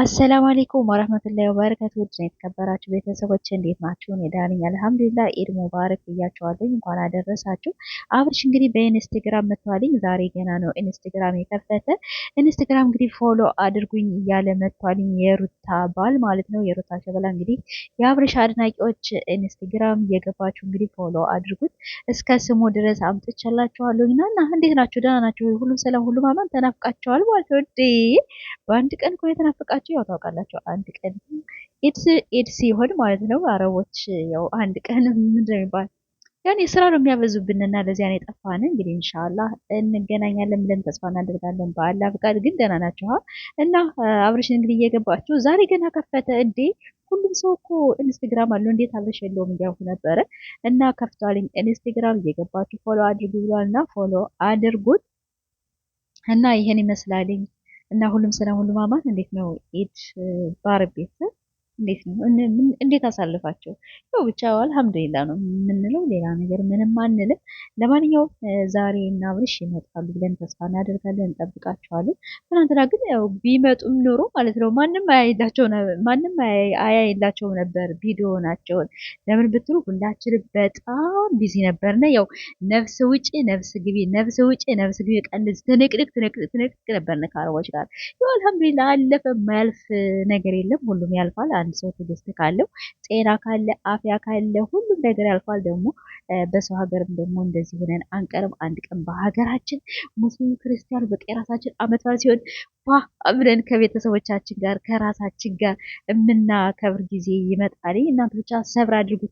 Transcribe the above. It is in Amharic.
አሰላም አለይኩም ወራህመቱላሂ ወበረካቱ ውድ የተከበራችሁ ቤተሰቦች እንዴት ናችሁ? እኔ ደህና ነኝ አልሐምዱሊላህ። ኢድ ሙባረክ ብያችኋለሁ፣ እንኳን አደረሳችሁ። አብርሽ እንግዲህ በኢንስታግራም መጥቷልኝ፣ ዛሬ ገና ነው ኢንስታግራም የከፈተ። ኢንስታግራም እንግዲህ ፎሎ አድርጉኝ እያለ መጥቷልኝ፣ የሩታ ባል ማለት ነው። የሩታ ሸበላ እንግዲህ የአብርሽ አድናቂዎች ኢንስታግራም የገባችሁ እንግዲህ ፎሎ አድርጉት፣ እስከ ስሙ ድረስ አምጥቼላችኋለሁ። እና እንዴት ናችሁ? ደህና ናችሁ? ሁሉም ሰላም፣ ሁሉም አማን። ተናፍቃችኋል ማለት ነው። በአንድ ቀን እኮ የተናፍቃችሁ ሲኖራቸው ያው ታውቃላቸው አንድ ቀን ኢድ ሲሆን ማለት ነው አረቦች ያው አንድ ቀን ምንድን ነው የሚባል ያን ስራ ነው የሚያበዙብንና ለዚያ ነው የጠፋን። እንግዲህ እንሻላ እንገናኛለን ብለን ተስፋ እናደርጋለን። በአላ ፍቃድ ግን ደህና ናቸው እና አብረሽ እንግዲህ እየገባችሁ ዛሬ ገና ከፈተ እንዴ! ሁሉም ሰው እኮ ኢንስታግራም አለው እንዴት አብረሽ የለውም እያልኩ ነበረ። እና ከፍቷልኝ ኢንስታግራም እየገባችሁ ፎሎ አድርጉ ብሏል እና ፎሎ አድርጉት እና ይሄን ይመስላልኝ። እና ሁሉም ሰላም ሁሉም አማን እንዴት ነው? ኢድ ባረብ ቤት እንዴት ነው እንዴት አሳልፋቸው ያው ብቻ አልሐምዱሊላ ነው የምንለው። ሌላ ነገር ምንም አንልም። ለማንኛውም ዛሬ እና አብርሽ ይመጣሉ ብለን ተስፋ እናደርጋለን፣ እንጠብቃቸዋለን። ትናንትና ግን ያው ቢመጡም ኖሮ ማለት ነው ማንም አያይላቸው ማንም አያይላቸውም ነበር ቪዲዮ ናቸውን። ለምን ብትሉ ሁላችንም በጣም ቢዚ ነበርና ያው ነፍስ ውጪ ነፍስ ግቢ፣ ነፍስ ውጪ ነፍስ ግቢ፣ ቀንዝ ትንቅንቅ ትንቅንቅ ነበርን ከአረቦች ጋር ያው አልሐምዱሊላ አለፈ። የማያልፍ ነገር የለም፣ ሁሉም ያልፋል። አንድ ሰው ትዕግስት ካለው ጤና ካለ አፍያ ካለ ሁሉም ነገር ያልፋል። ደግሞ በሰው ሀገርም ደግሞ እንደዚህ ሆነን አንቀርም። አንድ ቀን በሀገራችን ሙስሊም ክርስቲያን በቃ የራሳችን አመት በዓል ሲሆን አብረን ከቤተሰቦቻችን ጋር ከራሳችን ጋር የምናከብር ጊዜ ይመጣል። እናንተ ብቻ ሰብር አድርጉ